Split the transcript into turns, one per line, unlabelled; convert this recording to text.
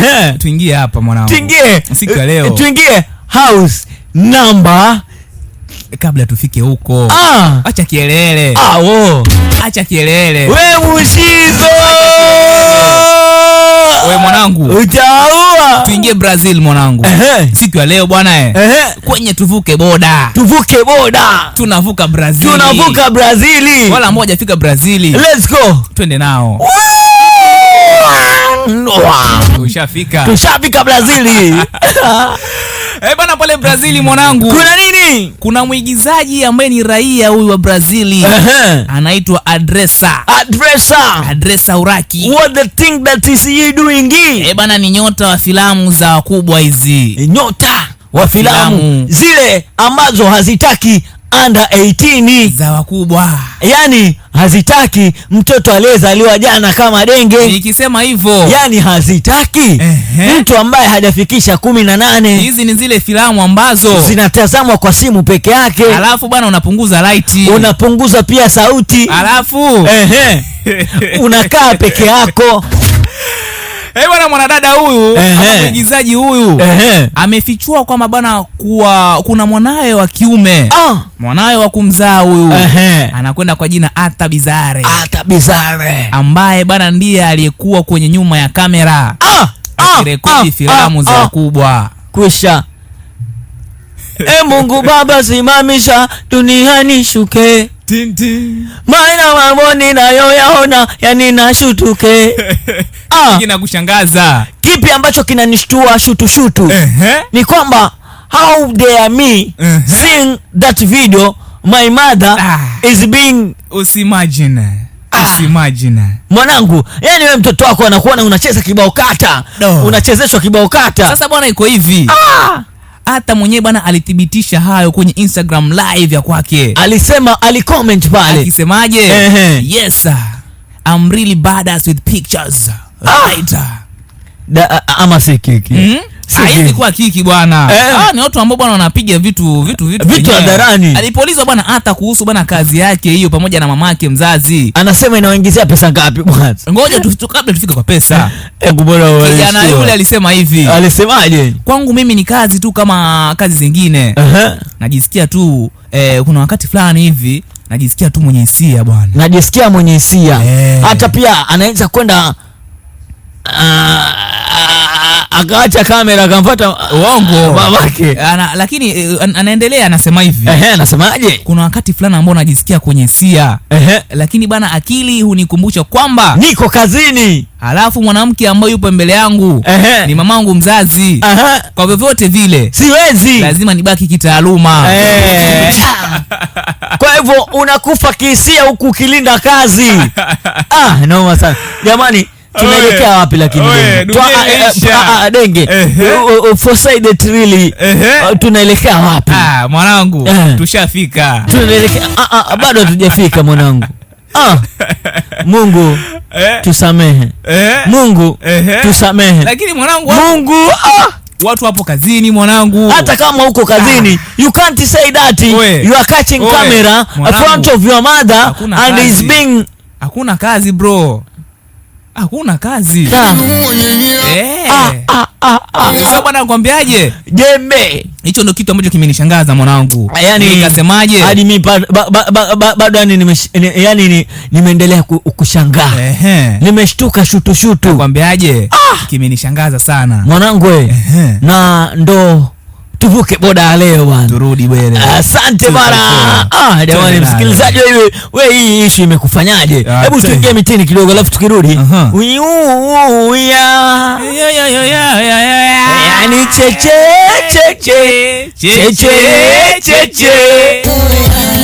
Eh. tuingie hapa mwanangu, tuingie siku ya leo, eh,
tuingie house number
kabla tufike huko. Ah, acha kielele.
Ah, wo,
acha kielele
we mushizo eh. we mwanangu, utaua.
Tuingie Brazil mwanangu, siku ya leo bwana eh, kwenye tuvuke boda,
tuvuke boda,
tunavuka Brazil,
tunavuka Brazil,
wala moja fika Brazil,
let's go,
twende nao Wee!
tushafika Brazili.
Eh, bana pale Brazili mwanangu.
Kuna nini?
Kuna mwigizaji ambaye ni raia huyu wa Brazili.
Uh -huh.
Anaitwa adresa
adresa
adresa Uraki.
What the thing that is doing? e
eh, bana ni nyota wa filamu za wakubwa hizi.
Nyota wa filamu zile ambazo hazitaki under 18
za wakubwa,
yani hazitaki mtoto aliyezaliwa jana kama denge.
Nikisema hivyo,
yani hazitaki mtu ambaye hajafikisha kumi na nane.
Hizi ni zile filamu ambazo
zinatazamwa kwa simu peke yake,
alafu bwana, unapunguza light,
unapunguza pia sauti,
alafu
unakaa peke yako
bwana mwanadada huyu mwigizaji huyu amefichua kwamba bana kuwa kuna mwanawe wa kiume ah. mwanawe wa kumzaa huyu anakwenda kwa jina Ata Bizare,
Ata Bizare
ambaye bana ndiye aliyekuwa kwenye nyuma ya kamera ah. ah. akirekodi ah. filamu ah. za ah. kubwa
kwisha E Mungu Baba, simamisha duniani shuke maana mambo ninayoyaona yani nashutuke.
Ah, kinakushangaza
kipi ambacho kinanishtua shutu shutu? uh -huh. Ni kwamba how dare me uh -huh. seeing that video my mother ah. is being
usimagine
ah. Usimagine.
Mwanangu, yani we mtoto wako anakuona unacheza kibao kata no. Unachezeshwa kibao kata.
Sasa bwana iko hivi
ah hata mwenyewe bana alithibitisha hayo kwenye Instagram live ya kwake,
alisema alicomment pale
akisemaje? Yes I'm really badass with pictures
ah. Right. Da, ama sikiki
mm -hmm. Haizi kuwa kiki bwana. eh. Ah, ni watu ambao bwana wanapiga vitu vitu vitu
vitu hadharani.
Alipoulizwa bwana hata kuhusu bwana kazi yake hiyo pamoja na mamake mzazi.
Anasema inaongezea pesa ngapi bwana?
Ngoja tu kabla tufike kwa pesa.
Hebu bora
Kijana yule alisema hivi.
Alisemaje?
Kwangu mimi ni kazi tu kama kazi zingine. Uh -huh. Najisikia tu eh, kuna wakati fulani hivi najisikia tu mwenye hisia bwana.
Najisikia mwenye hisia. Eh. Hata eh. Pia anaweza kwenda uh, akaacha kamera akamfuata uh, uongo
babake. Ana, lakini uh, an, anaendelea anasema hivi.
Ehe, anasemaje?
Kuna wakati fulani ambao najisikia kwenye sia. Ehe. Lakini bana akili hunikumbusha kwamba
niko kazini.
Alafu mwanamke ambaye yupo mbele yangu Ehe. ni mamangu mzazi. Aha. Kwa vyovyote vile
siwezi,
lazima nibaki kitaaluma.
Kwa hivyo unakufa kihisia huku ukilinda kazi. Ah, noma sana jamani. Uh, tunaelekea wapi lakini
ah,
denge tunaelekea wapi mwanangu eh.
tushafika
tunaelekea bado hatujafika mwanangu Ah, Mungu eh. tusamehe eh. Mungu tusamehe.
Lakini mwanangu,
Mungu ah,
watu wapo kazini mwanangu.
Hata kama uko kazini ah, you can't say that
Oe. you are
catching Oe. camera mwanangu, front of your mother and kazi. is being
Hakuna kazi bro hakuna kazi
eh. ah, ah, ah,
bwana, nakwambiaje
jembe.
Hicho ndo kitu ambacho kimenishangaza mwanangu, yani nikasemaje,
hadi mimi bado yani yaani nimeendelea kushangaa, nimeshtuka shutu shutu,
nakwambiaje, kimenishangaza sana
mwanangu, na ndo tuvuke boda leo bwana,
turudi bwana.
Asante bwana. Ah, jamani msikilizaji, wewe wewe, hii issue imekufanyaje? Ah, Hebu tuingie mitini kidogo, alafu tukirudi yani cheche cheche
cheche cheche